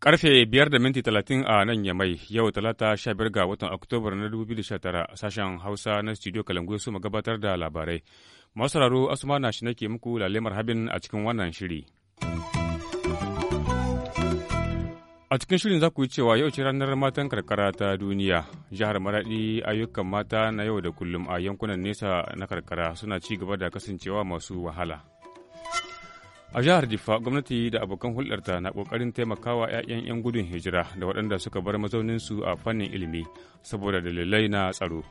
Karfe biyar da minti talatin a nan Yamai yau talata sha biyar ga watan Oktoba na a sashen Hausa na studio Kalangu su gabatar da labarai. Masu sauraro Asuma na shi nake muku lalemar habin a cikin wannan shiri. A cikin shirin za ku yi cewa yau ce ranar matan karkara ta duniya. Jihar Maraɗi ayyukan mata na yau da kullum a yankunan nesa na karkara suna ci gaba da kasancewa masu wahala. A jihar jifa gwamnati da abokan hulɗarta na ƙoƙarin taimakawa 'ya'yan 'yan gudun hijira da waɗanda suka bar mazauninsu a fannin ilimi saboda dalilai na tsaro.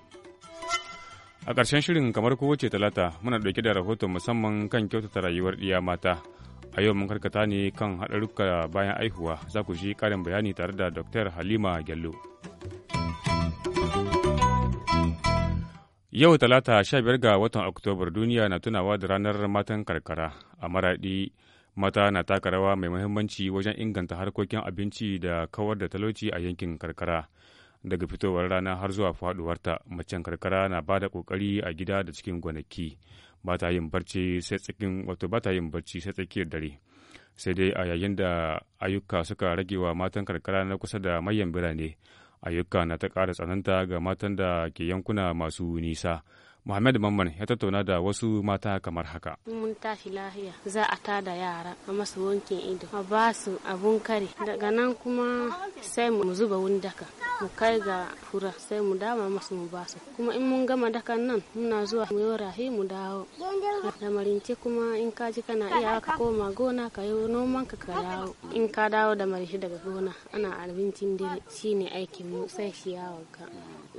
A ƙarshen shirin kamar kowace talata muna ɗauke da rahoton musamman kan kyautata rayuwar ɗiya mata. a yau mun karkata ne kan haɗarurruka bayan aihuwa za ku shi ƙarin bayani tare da dr halima gyallo yau talata 15 ga watan oktobar duniya na tunawa da ranar matan karkara a maraɗi mata na taka rawa mai muhimmanci wajen inganta harkokin abinci da kawar da talauci a yankin karkara daga fitowar rana har zuwa faduwarta macen karkara na bada da kokari a gida da cikin gonaki ba ta yin barci sai tsakin wato ba ta yin barci sai tsakiyar dare sai dai a yayin da ayyuka suka ragewa matan karkara na kusa da mayan birane ayyuka na ta ƙara tsananta ga matan da ke yankuna masu nisa Muhammad Mamman ya tattauna da wasu mata kamar haka. Mun tashi lahiya za a tada yara a masu wankin ido a ba su abun kare daga nan kuma sai mu zuba wundaka mu kai ga fura sai mu dama masu mu ba su kuma in mun gama dakan nan muna zuwa mu yi rahi mu dawo da kuma in ka ji kana iya ka koma gona ka yi noman ka ka dawo in ka dawo da marishi daga gona ana abincin dare shine aikin mu sai yawon ka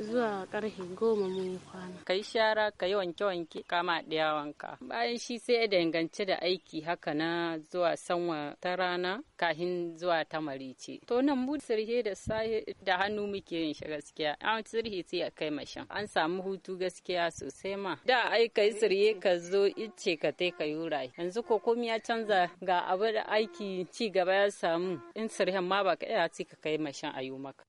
zuwa karfe goma mun yi kwana. Ka yi shara, ka yi wanke-wanke, kama ɗaya wanka. Bayan shi sai ya danganci da aiki haka na zuwa sanwa ta rana kahin zuwa ta marice. To nan mu sirhe da sahe da hannu muke yin shi gaskiya. An sirhe sai a kai mashin. An samu hutu gaskiya sosai ma. Da ai ka yi sirhe ka zo ice ka tai ka yura. Yanzu ko komai ya canza ga abu da aiki ci gaba ya samu. In sirhen ma ba ka iya ci ka kai mashin a yi maka.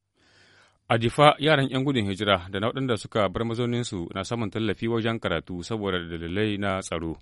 A jifa yaran 'yan gudun hijira da na waɗanda suka bar mazauninsu na samun tallafi wajen karatu saboda dalilai na tsaro.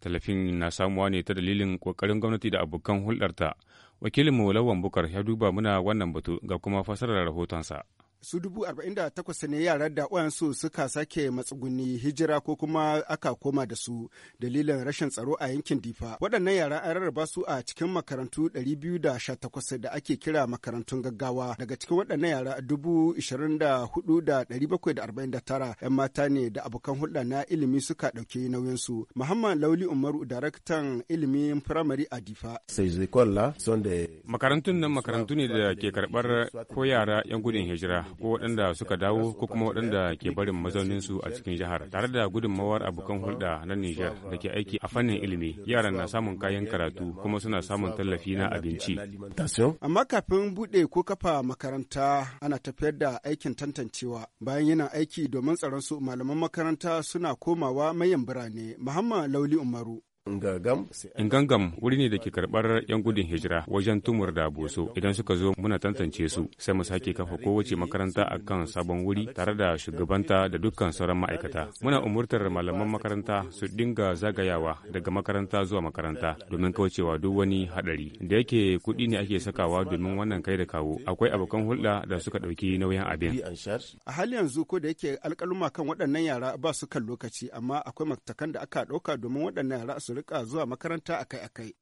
Tallafin na samuwa ne ta dalilin ƙoƙarin gwamnati da abokan hulɗarta. Wakilinmu Lawan Bukar ya duba muna wannan batu ga kuma fasarar rahotonsa. su dubu arba'in da takwas ne yara da wayansu suka sake matsuguni hijira ko kuma aka koma da su dalilin rashin tsaro a yankin difa waɗannan yara an rarraba su a cikin makarantu ɗari biyu da sha takwas da ake kira makarantun gaggawa daga cikin waɗannan yara dubu ishirin da hudu da ɗari bakwai da arba'in da tara yan mata ne da abokan hulɗa na ilimi suka ɗauki nauyin su muhammad lauli umaru daraktan ilimin firamare a difa. makarantun nan makarantu ne da ke karɓar ko yara yan gudun hijira ko waɗanda suka dawo ko kuma waɗanda ke barin mazaunin su a cikin jihar tare da gudunmawar abokan hulɗa na Nijar da ke aiki a fannin ilimi yaran na samun kayan karatu kuma suna samun tallafi na abinci. Amma kafin buɗe ko kafa makaranta ana tafiyar da aikin tantancewa bayan yana aiki domin tsaron su malaman makaranta suna komawa mayan birane Muhammad Lauli Umaru Ngangam wuri ne da ke karɓar 'yan gudun hijira wajen tumur da boso idan suka zo muna tantance su sai mu sake kafa kowace makaranta a kan sabon wuri tare da shugabanta da dukkan sauran ma'aikata. Muna umurtar malaman makaranta su dinga zagayawa daga makaranta zuwa makaranta domin kaucewa duk wani haɗari. Da yake kuɗi ne ake sakawa domin wannan kai da kawo akwai abokan hulɗa da suka ɗauki nauyin abin. A hali yanzu ko da yake alƙaluma kan waɗannan yara ba su kan lokaci amma akwai matakan da aka ɗauka domin waɗannan yara su rika zuwa makaranta akai-akai.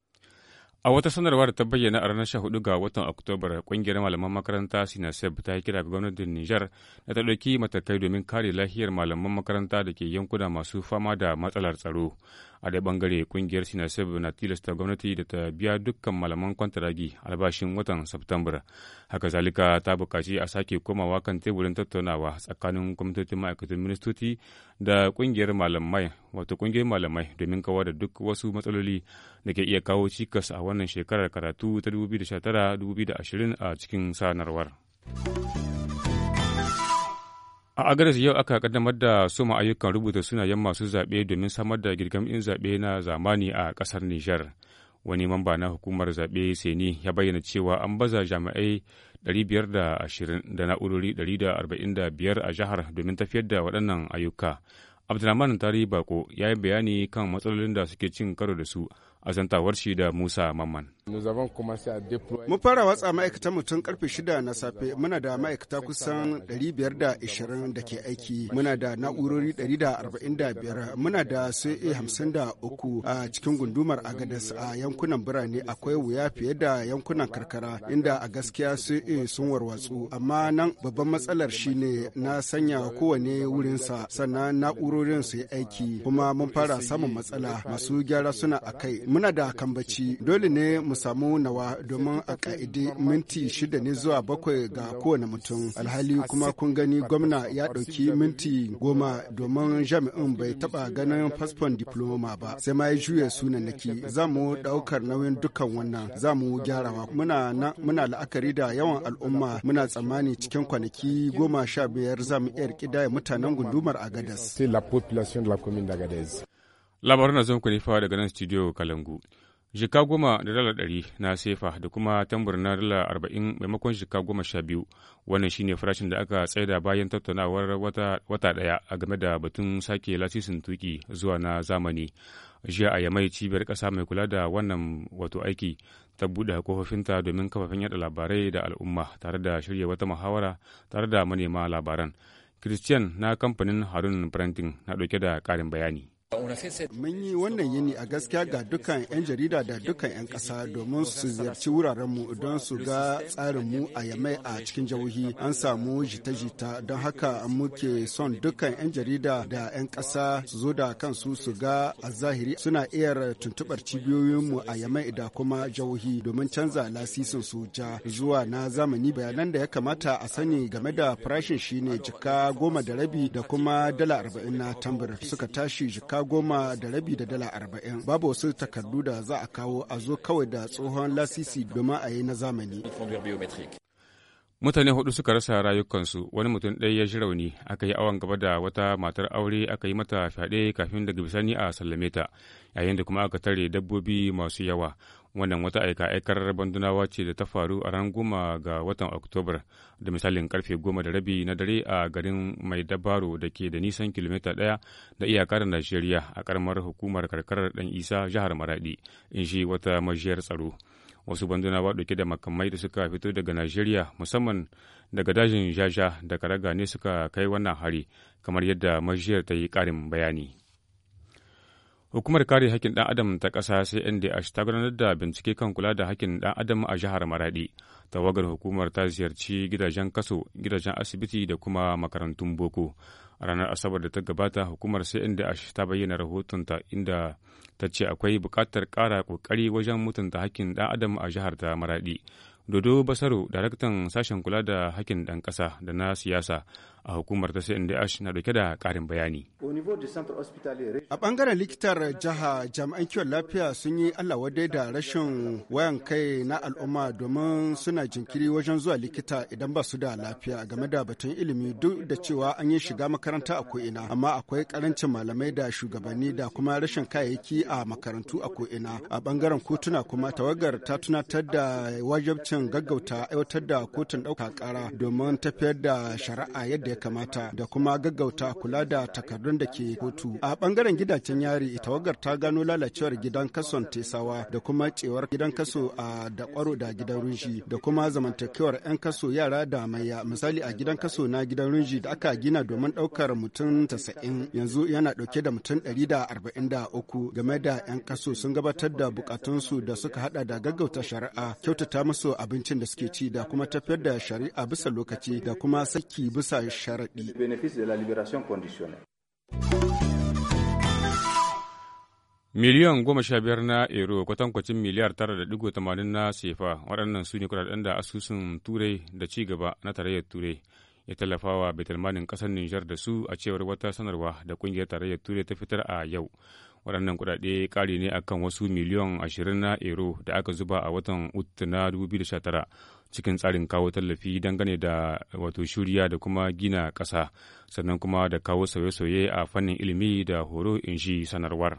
A wata sanarwar da ta bayyana a ranar 14 ga watan Oktobar, kungiyar malaman makaranta Sinaseb ta yi kira ga gwamnatin Nijar na ta ɗauki matakai domin kare lahiyar malaman makaranta da ke yankuna masu fama da matsalar tsaro. a dai bangare kungiyar sinasib na tilasta gwamnati da ta biya dukkan malaman kwantaragi albashin watan september haka zalika ta bukaci a sake komawa kan teburin tattaunawa tsakanin gwamnatocin ma'aikatan ministoci da kungiyar malamai wato kungiyar malamai domin kawar da duk wasu matsaloli da ke iya kawo cikas a wannan shekarar karatu ta 2019-2020 a cikin sanarwar. A Agares yau aka kaddamar da suma ayyukan rubuta sunayen masu zaɓe domin samar da girgamin zaɓe na zamani a ƙasar Nijar. Wani mamba na hukumar zaɓe Seni ya bayyana cewa an baza jami'ai 520 da na'urori 145 a jihar domin tafiyar da waɗannan ayyuka. Abdulrahman Tari Bako ya yi bayani kan matsalolin da suke cin karo da su a zantawar shi da Musa Mamman. Mun fara watsa ma'aikatan mutum karfe shida na safe muna da ma'aikata kusan 520 da ke aiki muna da na'urori 145 muna da sai 53 a cikin gundumar agadas a yankunan birane akwai wuya fiye da yankunan karkara inda a gaskiya sai sun warwatsu amma nan babban matsalar shine na sanya kowane wurinsa sannan na'urorin su yi aiki kuma mun fara samun matsala masu gyara suna a kai muna da kambaci dole ne mu samu nawa domin a ka'idi minti shida ne zuwa bakwai ga kowane mutum alhali kuma kun gani gwamna ya ɗauki minti goma domin jami'in bai taɓa ganin fasfon diploma ba sai ma ya juya sunanaki za mu ɗaukar nauyin dukkan wannan za mu gyarawa muna muna la'akari da yawan al'umma muna tsammani cikin kwanaki goma sha biyar za mu iya rikidaya mutanen gundumar agadas. labarin na zan fa daga nan studio kalangu jika goma da dala ɗari na sefa da kuma tambur na dala arba'in maimakon jika goma sha biyu wannan shine farashin da aka tsaida bayan tattaunawar wata ɗaya a game da batun sake lasisin tuki zuwa na zamani jiya a yamai cibiyar kasa mai kula da wannan wato aiki ta buɗe kofofinta domin kafafin yada labarai da al'umma tare da shirya wata muhawara tare da manema labaran christian na kamfanin harun printing na ɗauke da ƙarin bayani Mun yi wannan yini a gaskiya ga dukkan 'yan jarida da dukkan 'yan ƙasa domin su ziyarci wurarenmu don su ga tsarinmu a yamai a cikin jihohi an samu jita-jita don haka muke son dukkan 'yan jarida da 'yan ƙasa su zo da kansu su ga a zahiri suna iya tuntuɓar cibiyoyinmu a yamai da kuma jihohi domin canza lasisin su ja zuwa na zamani bayanan da ya kamata a sani game da farashin shine jika goma da rabi da kuma dala arba'in na tambar suka tashi jika jaka goma da rabi da dala arba'in babu wasu takardu da za a kawo a zo kawai da tsohon lasisi domin a yi na zamani mutane hudu suka rasa rayukansu wani mutum ɗaya ya ji rauni aka yi awon gaba da wata matar aure aka yi mata fyaɗe kafin daga bisani a sallame ta yayin da kuma aka tare dabbobi masu yawa wannan wata aika-aikar bandunawa ce da ta faru a ran goma ga watan oktobar da misalin karfe goma da rabi na dare a garin mai dabaro da ke da nisan kilomita daya da iyakar najeriya a karamar hukumar karkarar dan isa jihar maradi in shi wata majiyar tsaro wasu bandunawa dauke da makamai da suka fito daga najeriya musamman daga dajin jaja da karaga ne suka kai wannan hari kamar yadda majiyar ta yi karin bayani Hukumar kare hakkin dan adam ta ƙasa CNDH ta gudanar da bincike kan kula da hakkin dan adam a jihar Maradi. Tawagar hukumar ta ziyarci gidajen kaso, gidajen asibiti da kuma makarantun boko. A ranar Asabar da ta gabata, hukumar CNDH ta bayyana rahotonta inda ta ce akwai bukatar kara kokari wajen mutunta hakkin dan adam a jihar ta Maradi. Dodo Basaro, daraktan sashen kula da hakkin ɗan ƙasa da na siyasa, a hukumar ta CNDH na dauke da karin bayani. A bangaren likitar jiha jami'an kiwon lafiya sun yi Allah wadai da rashin wayan kai na al'umma domin suna jinkiri wajen zuwa likita idan ba su da lafiya game da batun ilimi duk da cewa an yi shiga makaranta a ko'ina amma akwai karancin malamai da shugabanni da kuma rashin kayayyaki a makarantu a ko'ina a bangaren kotuna kuma tawagar ta tunatar da wajabcin gaggauta aiwatar da kotun ɗauka ƙara domin tafiyar da shari'a yadda ya kamata da kuma gaggauta kula da takardun da ke kotu. A bangaren gidajen yari tawagar ta gano lalacewar gidan kason tesawa da kuma cewar gidan kaso a da kwaro da gidan runji da kuma zamantakewar 'yan kaso yara da maya misali a gidan kaso na gidan runji da aka gina domin ɗaukar mutum 90 yanzu yana dauke da mutum 143 game da 'yan kaso sun gabatar da bukatunsu da suka hada da gaggauta shari'a kyautata musu abincin da suke ci da kuma tafiyar da shari'a bisa lokaci da kuma saki bisa sharaɗi. Miliyan goma sha biyar na ero kwatankwacin miliyar tara da digo tamanin na sefa waɗannan su ne kuɗaɗen da asusun turai da ci gaba na tarayyar turai ya tallafa wa betulmanin ƙasar Nijar da su a cewar wata sanarwa da ƙungiyar tarayyar turai ta fitar a yau. waɗannan kuɗaɗe ƙari ne akan wasu miliyan ashirin na ero da aka zuba a watan ut na 2019 cikin tsarin kawo tallafi dangane da wato shuriya da kuma gina ƙasa sannan kuma da kawo sauye-sauye a fannin ilimi da horo in shi sanarwar.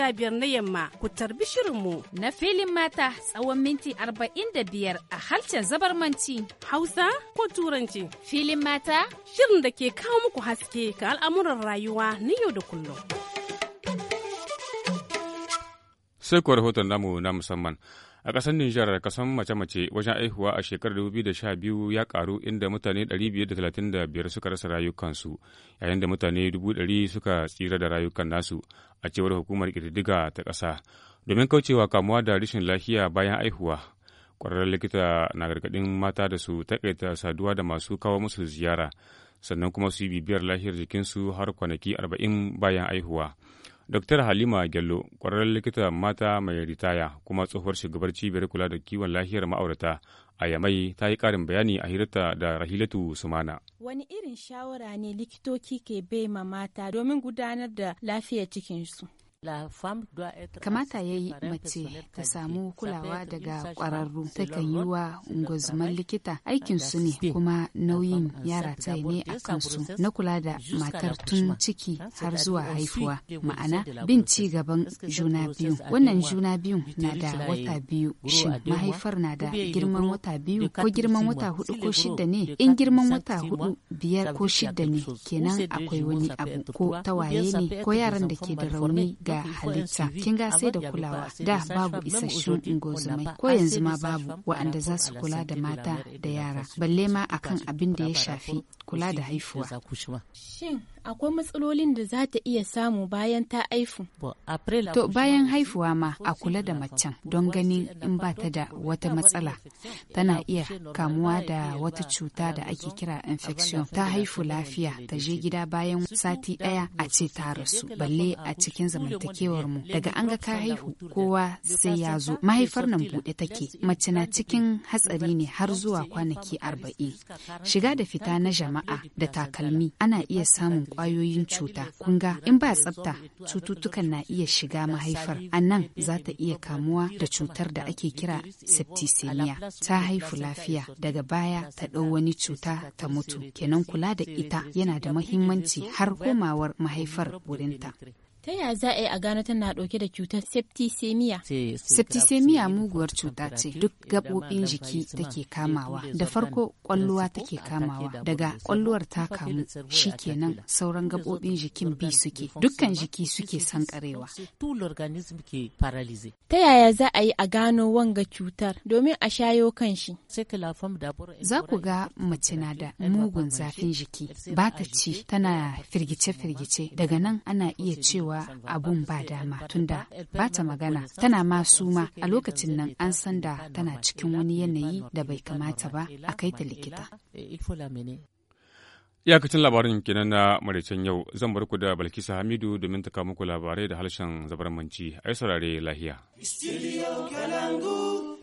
sha biyar na yamma ku tarbi shirinmu. Na filin mata tsawon minti arba'in da biyar a harshen zabarmanci. Hausa ko Turanci. Filin mata shirin da ke kawo muku haske ga al'amuran rayuwa na yau da kullum. Sai kuwa rahoton namu na musamman. A ƙasar Nijar kasan mace-mace wajen aihuwa a shekarar 2012 ya karu inda mutane 535 suka rasa rayukansu yayin da mutane 100 suka tsira da rayukan nasu a cewar hukumar ƙididdiga ta ƙasa domin kaucewa kamuwa da rashin lafiya bayan aihuwa. Ƙwararren likita na gargaɗin mata da su taƙaita saduwa da masu kawo musu ziyara sannan kuma su yi bibiyar lafiyar jikinsu har kwanaki 40 bayan aihuwa. Dr. Halima Gello, ƙwararren likita mata mai ritaya kuma tsohuwar shugabar cibiyar kula da kiwon lafiyar ma'aurata a Yamai ta yi ƙarin bayani a hirarta da Rahilatu Sumana. Wani irin shawara ne likitoci ke bai ma mata domin gudanar da lafiyar cikinsu? Kamata ya yi mace ta samu kulawa daga kwararru kan yi wa ungozuman likita aikin su ne kuma nauyin yara ta ne a kansu na kula da matar tun ciki har zuwa haifuwa ma'ana bin ci gaban juna biyu wannan juna biyu na da wata biyu shin mahaifar na da girman wata biyu ko girman wata hudu ko shida ne in girman wata hudu biyar ko shida ne kenan akwai wani abu ko tawaye ne ko yaran da ke da rauni da halitta kin ga sai da kulawa da babu isassun ungozumai ko yanzu ma babu waɗanda za su kula da mata da yara balle ma akan abin da ya shafi kula da haifuwa shin akwai matsalolin da za ta iya samu bayan ta haifu. To bayan haifuwa ma a kula da macen don gani in ba ta da wata matsala. Tana iya kamuwa da wata cuta da ake kira infection. Ta haifu lafiya ta je gida bayan sati ɗaya a ce ta rasu. Balle a cikin zamantakewar mu daga an ga ka haihu kowa sai ya zo. Mahaifar nan buɗe take. Mace na cikin hatsari ne har zuwa kwanaki arba'in. Shiga da fita na jama'a da takalmi ana iya samun kwayoyin cuta kunga in ba tsafta cututtukan na iya shiga mahaifar a nan za ta iya kamuwa da cutar da ake kira septicemia ta haifu lafiya daga baya ta ɗau wani cuta ta mutu kenan kula da ita yana da mahimmanci har komawar mahaifar wurinta Ta yaya za a yi a gano tana ɗauke da cutar septicemia? Septicemia muguwar cuta ce duk gaɓoɓin jiki take kamawa. Da farko ƙwalluwa take kamawa. Daga kwalluwar ta kamu shi kenan sauran gabobin jikin bi suke. Dukkan jiki suke sankarewa. Ta yaya za a yi a gano wanga cutar domin a shayo kan shi? Za ku ga mace na da mugun zafin jiki. Ba ta ci tana firgice-firgice. Daga nan ana iya cewa cewa abun ba dama tunda ba ta magana tana ma suma a lokacin nan an san da tana cikin wani yanayi da bai kamata ba a kai ta likita. Iyakacin labarin kenan na maraicen yau zan bar ku da Balkisa Hamidu domin ta muku labarai da harshen zabarmanci yi saurare lahiya.